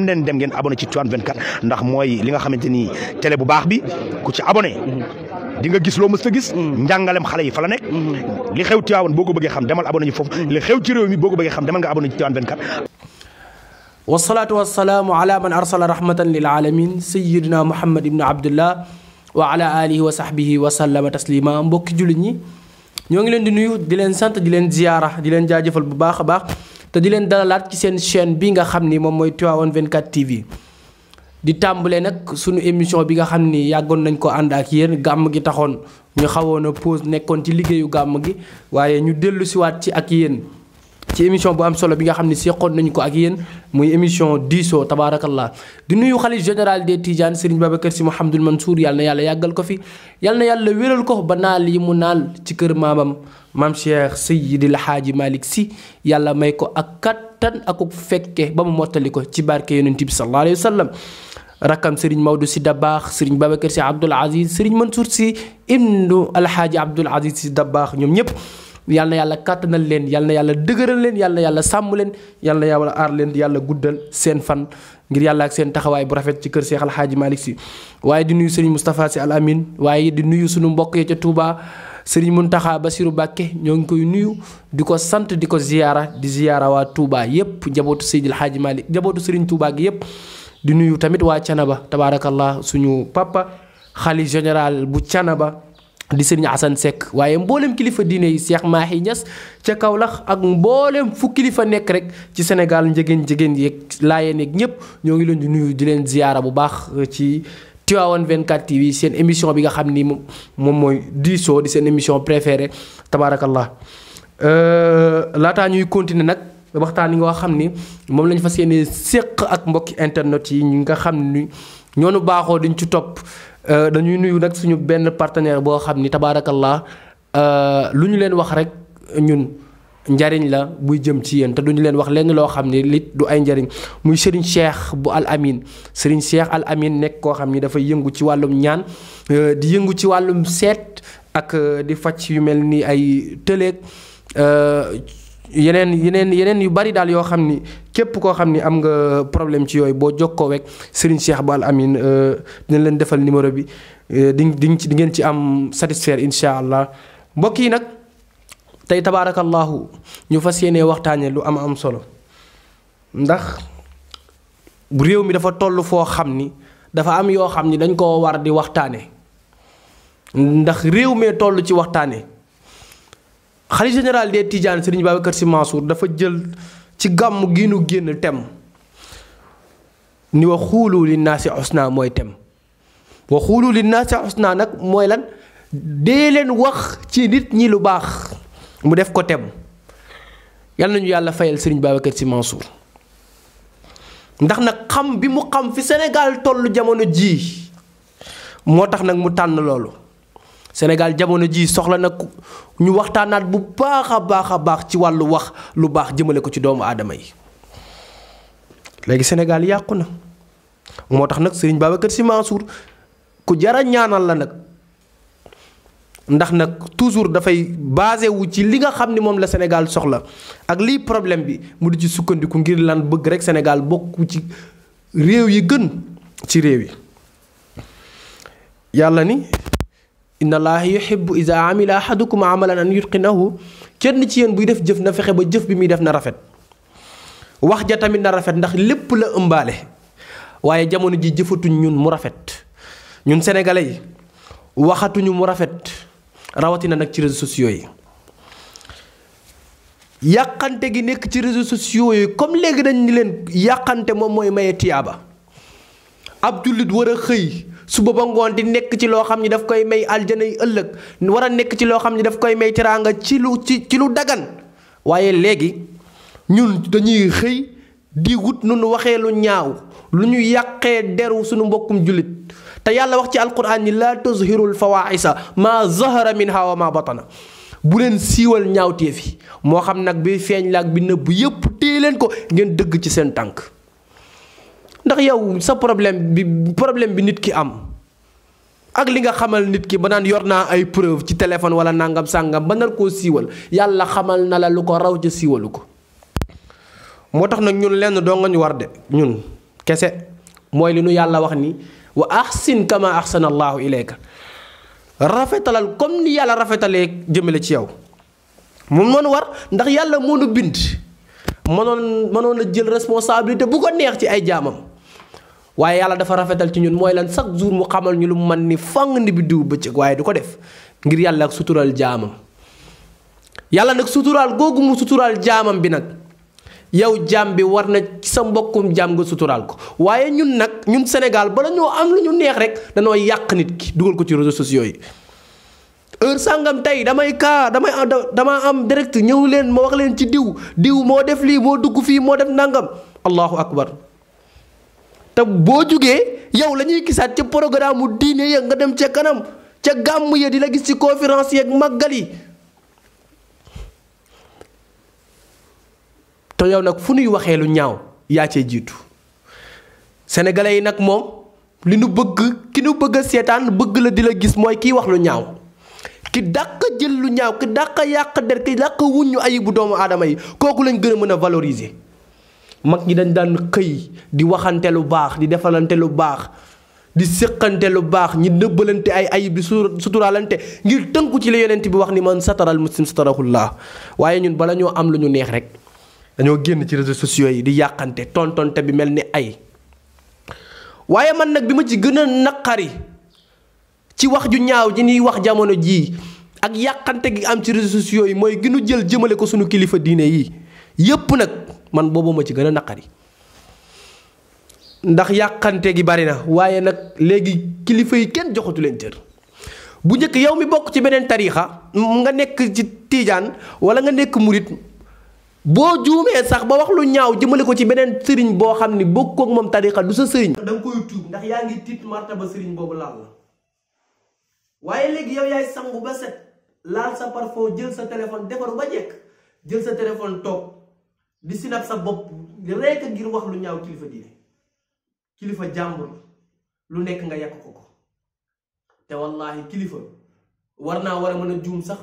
xam leen dem ngeen abonné ci Tivaouane 24 ndax mooy li nga xamante ni télé bu baax bi ku ci abonné di nga gis loo mës a gis njàngalem xale yi fa la nekk li xew Tivaouane boo ko bëggee xam demal abonné ñu foofu li xew ci réew mi boo ko bëggee xam demal nga abonné ci Tivaouane 24 والصلاة والسلام على من أرسل رحمة للعالمين سيدنا محمد بن عبد الله وعلى آله وصحبه وسلم تسليما مبوك جولي ñoo ngi leen di nuyu di leen sant di leen ziyaara di leen jaajëfal bu baax a baax te di leen dalalaat ci seen chaîne bi nga xam ni moom mooy Tivaouane 24 TV di tàmbalee nag sunu émission bi nga xam ni yàggoon nañ ko ànd ak yéen gàmm gi taxoon ñu xawoon a pause nekkoon ci liggéeyu gàmm gi waaye ñu dellu siwaat ci ak yéen ci émission bu am solo bi nga xam ne seqoon nañu ko ak yéen muy émission diisoo tabaarakallah di nuyu xalif général des Tidiane Serigne Babacar Sy Mouhamadoul Mansour yàlla na yàlla yàggal ko fi yàlla yàlla wéral ko ba naal yi mu naal ci kër maamam maam Cheikh Seydil Hadji Malick si yàlla may ko ak kattan ak fekke ba mu mottali ko ci barke yonent bi sallallahu alayhi wa sallam rakkam Serigne Maodo Sy Dabakh Serigne Babacar Sy Abdoul Aziz Serigne Mansour Sy ibnu Alhaaji Abdoul Aziz Sy Dabakh ñoom ñëpp yàlla yàlla kàttanal leen yàlla yàlla dëgëral leen yàlla yàlla sàmm leen yal na yàlla aar leen yàlla guddal seen fan ngir yàlla ak seen taxawaay bu rafet ci kër Seex Alxaaji Malick Si waaye di nuyu sëriñ Moustapha Sy Al Amin waaye di nuyu suñu mbokk ya ca Touba sëriñ Muntaxa Basiru Bàkke ñoo ngi koy nuyu di ko sant di ko ziyaara di ziyaara waa Touba yépp njabootu Seydil Xaaji Malick njabootu sëriñ Touba gi di nuyu tamit waa Canaba tabaarakallah suñu papa xali général bu Canaba di serigne asan sek waye mbollem kilifa dine yi cheikh mahi ñas ci kaolax ak mbollem fu kilifa nek rek ci senegal njegen njegen yek laye nek ñep ñoo ngi leen di nuyu di leen ziara bu baax ci Tiwawan 24 TV sen émission bi nga xamni mom moy diso di sen émission préférée tabarakallah euh lata ñuy continuer nak waxtaan yi nga xamni mom lañ fa seene sekk ak mbokk internet yi ñi nga xamni ñonu baaxo diñ ci top Euh, dañuy nuyu nag suñu benn partenaire boo xam ni tabaarakallah euh, lu ñu leen wax rek ñun njariñ la buy jëm ci yéen te duñu leen wax lenn loo xam ni lit du ay njariñ muy Serigne Cheikh bu Al Amin Serigne Cheikh Al Amin nekk koo xam ni dafa yëngu ci wàllum ñaan euh, di yëngu ci wàllum seet ak di faj yu mel ni ay tëleeg yeneen yeneen yeneen yu bari daal yoo xam ni képp koo xam ni am nga problème ci yooyu boo jokkoo rek Serigne Cheikh Ba Al Amine euh, dina leen defal numéro bi euh, di di di ngeen ci am satisfaire incha allah mbokk yi nag tey tabaarakallaahu ñu fas yéenee waxtaanee lu am am solo ndax réew mi dafa toll foo xam ni dafa am yoo xam ni dañ koo war di waxtaane ndax réew mee toll ci waxtaanee. xali general des tidiane serigne babacar si mansour dafa jël ci gam gi nu genn tem ni wa khulu lin nasi husna moy tem wa khulu lin nasi husna nak moy lan de len wax ci nit ñi lu bax mu def ko tem yalla ñu yalla fayal serigne babacar si mansour ndax nak xam bi mu xam fi senegal tollu jamono ji motax nak mu tan lolu Sénégal jamono ji soxla nag na ñu waxtaanaat bu baax a baax a baax ci wàllu wax lu baax jëmale ko ci doomu aadama yi léegi Sénégal yàqu na moo tax nag Serigne Babacar Sy Mansour ku jara ñaanal la nag ndax nag toujours dafay basé wu ci li nga xam ni moom la Sénégal soxla ak lii problème bi mu di ci sukkandiku ngir lan bëgg rek Sénégal bokku ci réew yi gën ci réew yi yàlla ni inna allaha yuhibbu iza amila ahadukum amalan an yutqinahu kenn ci yéen buy def jëf na fexe ba jëf bi muy def na rafet wax ja tamit na rafet ndax lépp la ëmbaale waaye jamono ji jëfatuñ ñun mu rafet ñun sénégalais yi waxatuñu mu rafet rawatina نك تي ريزو سوسيو yi yàqante gi nekk ci réseaux sociaux yi comme léegi dañ ni leen yàqante moom mooy maye tiyaaba ab jullit war a xëy suba ba ngoon di nekk ci loo xam ni dafa koy may aljana yi ëllëg war a nekk ci loo xam ni dafa koy may teraanga ci lu ci ci lu dagan waaye léegi ñun dañuy xëy di wut nu nu waxee lu ñaaw lu ñu yàqee deru sunu mbokkum jullit te yàlla wax ci alquran ni laa tuzhirul fawaisa maa zahara minha wa maa batana bu leen siiwal ñaawteef yi moo xam nag bi feeñ laak bi nëbb yépp teye leen ko ngeen dëgg ci seen tànk ndax yow sa problème bi problème bi nit ki am ak li nga xamal nit ki ba naan yor naa ay preuve ci téléphone wala nangam sàngam ba nar koo siiwal yàlla xamal na la lu ko raw ca siiwalu ko. moo tax nag ñun lenn doo nga ñu war de ñun kese mooy li nu yàlla wax ni wa ahsin kama ahsana allahu ilayka rafetalal comme ni yàlla rafetalee jëmale ci yow moom mën war ndax yàlla moo nu bind mënoon mënoon a jël responsabilité bu ko neex ci ay jaamam waaye yàlla dafa rafetal ci ñun mooy lan chaque jour mu xamal ñu lu mu man ni fang ni bi diw bëccëg waaye du ko def ngir yàlla ak suturaal jaamam yàlla nag suturaal googu mu suturaal jaamam bi nag yow jaam bi war na ci sa mbokkum jaam nga suturaal ko waaye ñun nag ñun Sénégal bala ñoo am lu ñu neex rek danoo yàq nit ki dugal ko ci réseaux sociaux yi heure sàngam tey damay kaa damay damaa am direct ñëw leen ma wax leen ci diw diw moo def lii moo dugg fii moo def nangam allahu akbar te boo jógee yow la ñuy gisaat ca programme mu diine ya nga dem ca kanam ca gàmm ya di la gis ci conférence yeeg màggal yi te yow nag fu nuy waxee lu ñaaw yaa cee jiitu sénégalais yi nag moom li nu bëgg ki nu bëgg seetaan bëgg la di la gis mooy kiy wax lu ñaaw ki dàq jël lu ñaaw ki dàq yàq der ki dàq wuññu ayibu doomu aadama yi kooku lañ gën a mën a valoriser. mag ñi dañ daan xëy di waxante lu baax di defalante lu baax di séqante lu baax ñi nëbbalante ay ayib di suturaalante ngir tënku ci la yonent bi wax ni man sataral muslim satarahullah waaye ñun bala ñoo am lu ñu neex rek dañoo génn ci réseaux sociaux yi di yàqante tontonte bi mel ni ay waaye man nag bi ma ci gën naqari ci wax ju ñaaw ji ñuy wax jamono jii ak yàqante gi am ci réseaux sociaux yi mooy gënu jël jëmale ko suñu kilifa diine yi yépp nag man bobo ma ci gëna nakari ndax yakante gi bari na waye nak legi kilifa yi kenn joxatu len teer bu ñëk yow mi bok ci benen tariixa nga nekk ci tidiane wala nga nekk mourid bo juumee sax ba wax lu ñaaw jëmele ko ci benen serigne bo xamni ni ko mom tariixa du sa serigne da nga koy tuub ndax yaa ngi tiit martaba serigne bobu laal la waye legi yow yaay sangu ba set laal sa parfum jël sa telephone defaru ba jek jël sa telephone di nag sa bopp rekk ngir wax lu ñaaw kilifa diine kilifa jàmbur lu nekk nga yàq ko ko te wallaahi kilifa war naa war a mën a juum sax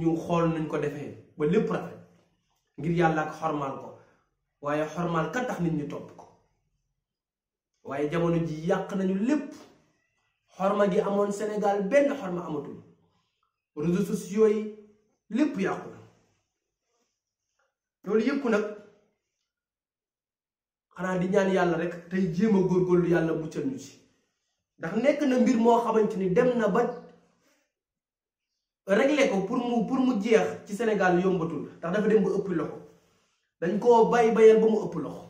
ñu xool nañ ko defee ba lépp rafet ngir yàlla ak xormaal ko waaye xormaal ka tax nit ñu topp ko waaye jamono ji yàq nañu lépp xorma gi amoon senegal benn xorma amatul réseaux sociaux yi lépp yàqu na loolu yëpp nag xanaa di ñaan yàlla rek tey jéem a góorgóorlu yàlla muccal ñu ci ndax nekk na mbir moo xamante ni dem na ba réglé ko pour mu pour mu jeex ci senegal yombatul ndax dafa dem ba ëpp loxo dañ koo bay bayal ba mu ëpp loxo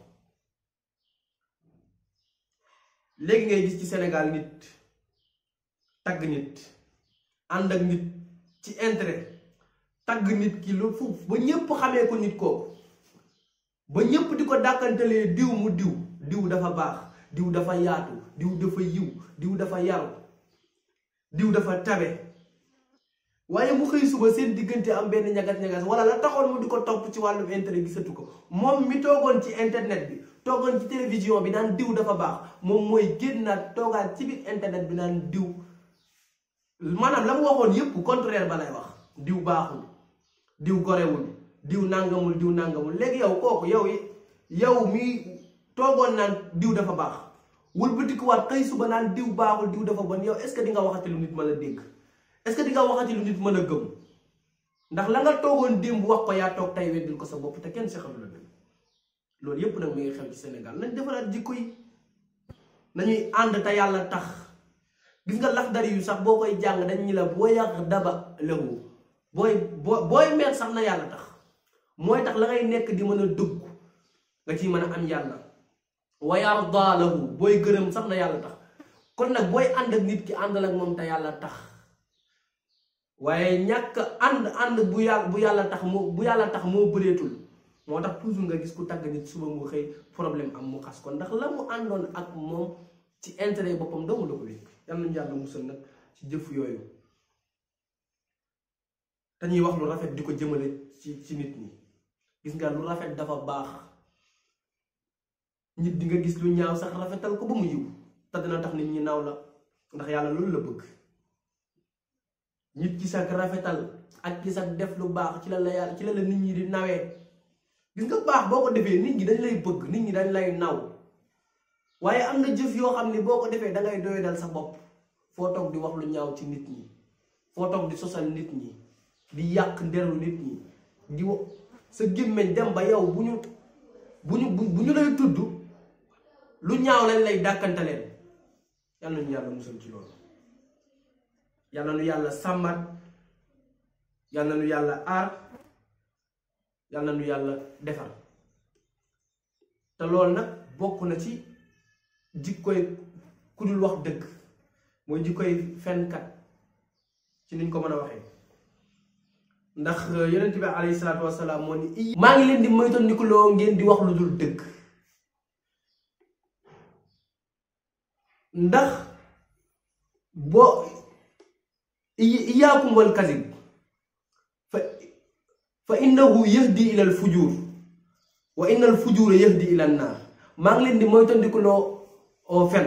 léegi ngay gis ci senegal nit tagg nit ànd ak nit ci intérêt tag nit ki lu fuf ba ñepp xamé ko nit ko ba ñepp diko dakantale diw mu diw diw dafa bax diw dafa yaatu diw dafa yiw diw dafa yaru diw dafa tabé waye mu xey suba seen digënté am ben ñagat ñagat wala la taxoon mu diko top ci walu internet gisatu ko mom mi togon ci internet bi togon ci télévision bi nan diw dafa bax mom moy gennat togal ci bi internet bi nan diw manam lam waxon yépp contraire balay wax diw baxul diw gorewul diw nangamul diw nangamul léegi yow koku yow yow mi togon nan diw dafa baax wat tay suba nan diw baxul diw dafa bon yow est ce di nga waxati lu nit mala deg est ce di nga waxati lu nit mala gem ndax la nga toogoon démb wax ko ya tok tay weddul ko sa bop te ken xam la dëgg loolu yépp nag mi ngi ci senegal nañ defalat jikko yi nañuy and ta yalla tax gis nga lakh dari yu sax bokoy jang dañ ñi la daba lewu booy boo booy mer sax na yàlla tax mooy tax la ngay nekk di mën a dugg nga ciy mën a am yàlla wa yarda lahu booy gërëm sax na yàlla tax kon nag booy ànd ak nit ki àndal ak moom te yàlla tax waaye ñàkk ànd ànd bu yàlla bu yàlla tax moo bu yàlla tax moo bëreetul moo tax toujours nga gis ku tàgg nit suba mu xëy problème am mu xas ko ndax la mu àndoon ak moom ci intérêt boppam doomu la ko wéy yàlla nañu yàlla musal nag ci jëf yooyu dañuy wax lu rafet di ko ci ci nit ñi gis nga lu rafet dafa bax nit di nga gis lu ñaaw sax rafetal ko bu mu yiw ta dina tax nit ñi naw la ndax yalla loolu la bëgg nit ci sax rafetal ak ci sax def lu bax ci la la yalla ci la la nit ñi di nawé gis nga bax boko défé nit ñi dañ lay bëgg nit ñi dañ lay naw waye am na jëf yo xamni boko défé da ngay dal sa bop fo tok di wax lu ñaaw ci nit ñi fo tok di sosal nit ñi di yàq nderu nit ñi di sa gémmeñ dem ba yow bu ñu bu ñu bu ñu lay tudd lu ñaaw lañ lay dàkkante leen yàlla nañu yàlla musal ci loolu yàlla nu yàlla sàmmat yàlla nu yàlla aar yàlla nu yàlla defar te loolu nag bokk na ci jikkoy ku dul wax dëgg mooy jikkoy fenkat ci niñ ko mën a waxee ndax euh, yonent bi alayhi salaatu wasalaam moo ni maa ngi leen di moytandikuloo ngeen di wax lu dul dëgg ndax boo iyaakum wal kasib fa fa innahu yahdi ilal fujur wa innal fujura yahdi ilan naar maa ngi leen di moytandikuloo fen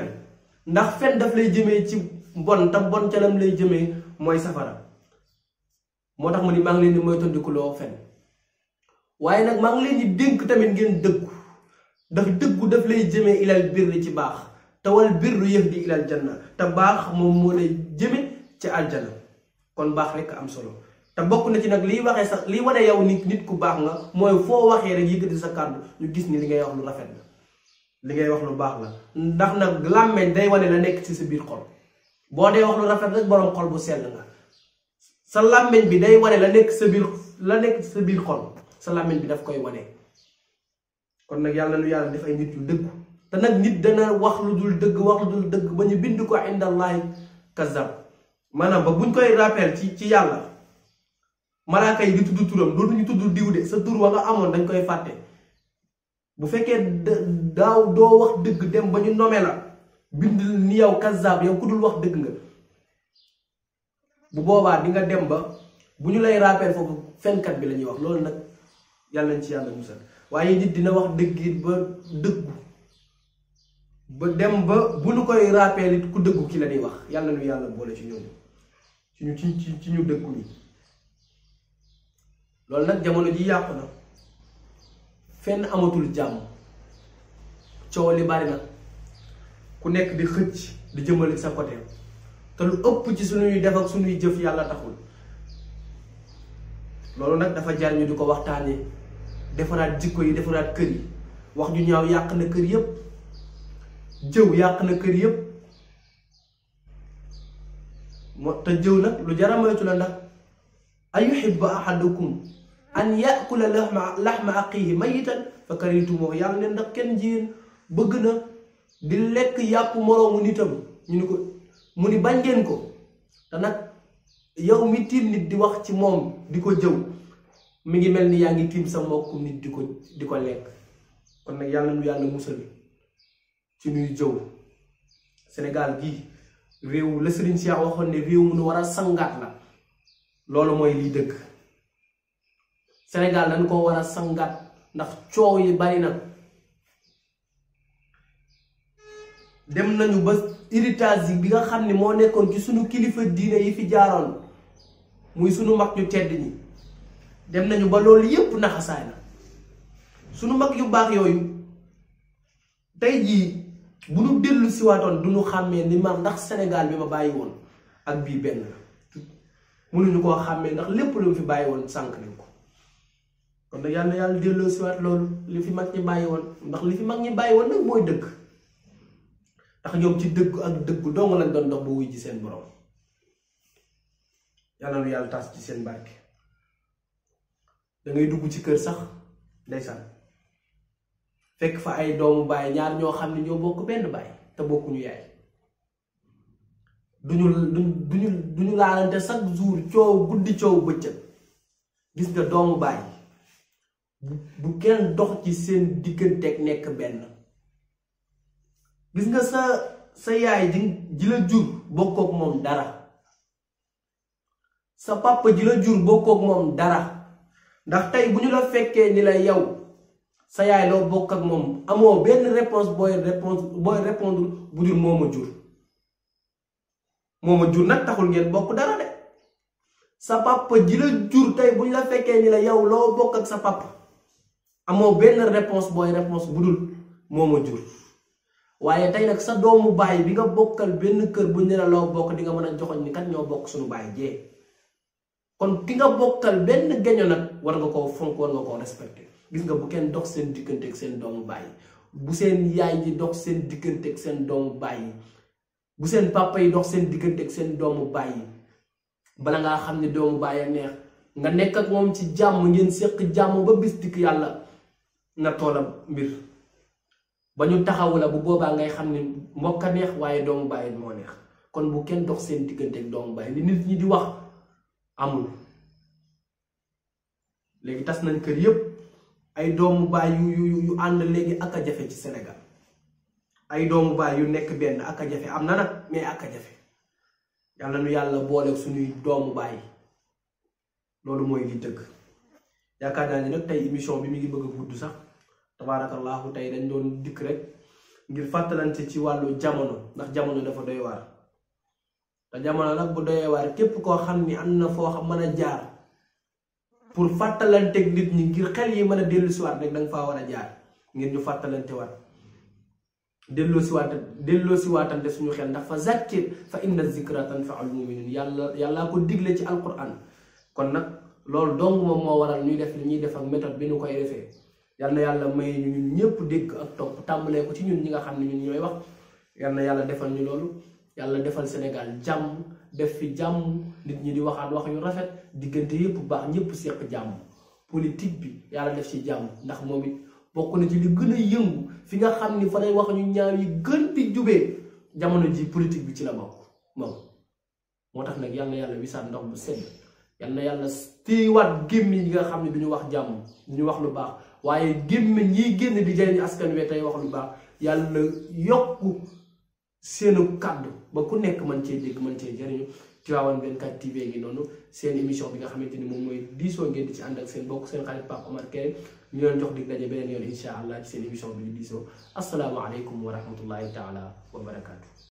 ndax fen daf lay jëmee ci mbon te mbon ca lam lay jëme mooy safara motax mu ni ma ngi leen di moytandiku fen waye nak mang leen di denk tamit ngeen dëggu daf dëggu daf lay ilal birri ci ta tawal birru yahdi di ilal janna ta bax moom mo lay jeme ci aljana kon bax rek am solo ta bokku na ci nak li waxe sax li wone yow nit nit ku bax nga moy fo waxe rek yëkkati sa kaddu ñu gis ni li ngay wax lu rafet la li ngay wax lu bax la ndax nak lamme day wone la nek ci sa bir xol bo day wax lu rafet rek borom xol bu sel nga sa làmmiñ bi day wane la nekk sa biir la nekk sa biir xol sa làmmiñ bi daf koy wane kon nag yàlla lu yàlla def ay nit yu dëgg te nag nit dana wax lu dul dëgg wax lu dëgg ba ñu bind ko indallahi kazab maanaam ba buñ koy rappel ci ci yàlla malaaka yi di tudd turam dootuñu tudd diw de sa tur wa nga amoon dañ koy fàtte bu fekkee daaw doo wax dëgg dem ba ñu nome la bind ni yow kazab yow ku dul wax dëgg nga bu boobaa di nga dem ba bu ñu lay rappel foofu fenkat bi la wax loolu nag yàlla nañ ci yàlla musal waaye nit dina wax dëgg it ba dëggu ba dem ba bu ñu koy rappel it ku dëggu ki la ñuy wax yàlla nu yàlla boole ci ñooñu ci ñu ci ci ñu dëggu ñi loolu nag jamono ji yàqu na fenn amatul jàmm coow li bari na ku nekk di xëcc di jëmale sa côté. te lu ëpp ci suñuy def ak suñuy jëf yàlla taxul loolu nag dafa jar ñu di ko waxtaanee defaraat jikko yi defaraat kër yi wax ju ñaaw yàq na kër yépp jëw yàq na kër yépp moo te jëw nag lu jar a moytu la ndax ayuhibbu ahadukum an yakula lahma lahma aqihi mayitan fa karihtumuhu yàlla ne ndax kenn jiyéen bëgg na di lekk yàpp moroomu nitam ñu ni ko mu ni bañ ngeen ko te nag yow mi tiim nit di wax ci moom di ko jëw mi ngi mel ni yaa ngi tiim sa mbokku nit di ko di ko lekk kon nag yàlla nu yàlla musal ci ñuy jëw Sénégal gii réew la Serigne Cheikh waxoon ne réew mu war a sangaat la loolu mooy lii dëkk Sénégal dañ ko war a sangaat ndax coow yi bari na dem nañu ba héritage bi nga xamni mo nekkon ci sunu kilifa diiné yi fi jaaroon muy suñu mak ñu tedd ñi dem nañu ba loolu yépp naxasaay la sunu mak yu baax yoyu tay ji bu nu dellu siwaatoon du ñu xamé ni ma ndax sénégal bi ma woon ak bi ben la ñu ko xamé ndax lépp lu fi bayyi woon sank nañ ko kon yalla yalla ci loolu li fi mak ñi bayyi woon ndax li fi mak ñi bayyi woon nak moy dëkk tax ñoom ci dëgg ak dëggu dong lañ doon dox bu wuy ji seen borom yàlla nu yàlla tas ci seen barke da ngay dugg ci kër sax ndeysaan fekk fa ay doomu baay ñaar ñoo xam ne ñoo bokk benn baay te bokku ñu yaay eh. duñu duñu duñu laalante chaque jour coow guddi coow bëccëg gis nga doomu baay bu kenn dox ci seen digganteeg nekk benn gis nga sa sa yaay ji la jur bokkook moom dara sa papa ji la jur bokkook moom dara ndax tey bu ñu la fekkee ni la yow sa yaay loo bokk ak moom amoo benn réponse booy réponse booy répondre bu dul moo ma jur moo ma jur nag taxul ngeen bokk dara de sa papa ji la jur tey bu ñu la fekkee ni la yow loo bokk ak sa papa amoo benn réponse booy réponse bu dul moo ma jur waye tay nak sa doomu baye bi nga bokkal benn keur bu ñu la lo bokk di nga mëna joxoñ ni kat ñoo bokk suñu baye je kon ki nga bokkal benn geño nak war nga ko fonk war nga ko respecté gis nga bu kenn dox seen ak seen doomu baye bu seen yaay ji dox seen diggante ak seen doomu baye bu seen papa yi dox seen diggante ak seen doomu baye bala nga xamni doomu baye a neex nga nek ak mom ci jamm ngeen sekk jamm ba bis dik yalla na tolam mbir bañu ñu taxawu la bu boba ngay xamni ne neex waye doomu baye mo neex kon bu kenn dox seen digënté ak doomu baye li nit ñi di wax amul légui tass nañ kër yépp ay doomu baye yu yu yu and légui aka jafé ci Sénégal ay doomu baye yu nekk benn aka jafé amna am mais aka jafé yalla nu yàlla boole suñu doomu baye lolu moy li dëgg yaakaar naa ne nag émission bi mi ngi bëgg guddu sax tabaarakallaahu tey dañ doon dikk rek ngir fàttalante ci wàllu jamono ndax jamono dafa doy waar te jamono nag bu doyee waar képp koo xam ni am na foo xam mën a jaar pour fàttalanteeg nit ñi ngir xel yi mën a dellu dellusiwaat rek da fa war a jaar ngir ñu fàttalante waat delloosiwaat delloosiwaatante suñu xel ndax fa zakkir fa inda zikra tanfaul muminin yàlla yàllaa ko digle ci alquran kon nag loolu dong moom moo waral ñuy def li ñuy def ak bi ñu koy defee. yalla yalla may ñu ñun ñepp dégg ak top tambalé ko ci ñun ñi nga xamni ñun ñoy wax yalla yalla yàlla defal ñu lolu yalla defal Sénégal jamm def fi jamm nit ñi di waxat wax yu rafet digënté yépp baax ñepp seq jamm politique bi yalla def ci jamm ndax momit bokku na ci li gëna yëngu fi nga xamni fa lay wax ñu ñaaw yi gën di jubé jamono ji politique bi ci la bokk mom motax nak yalla yalla wi sa ndox bu sédd yalla yalla yàlla téewaat gémmiñ nga xamni duñu wax jamm duñu wax lu baax waaye gémmiñ ñiy génn di jariñu askan wi tey wax lu baax yàlla yokk seenu kàddu ba ku nekk man cee dégg man cee jariñu Tivaouane 24 TV gi noonu seen émission bi nga xamante ni moom mooy diisoo ngeen di ci ànd ak seen bokk seen xarit Pape Omar Kéré ñu jox dig daje beneen yoon incha allah ci seen émission bi diisoo asalaamaaleykum wa rahmatullahi taala wa barakaatu.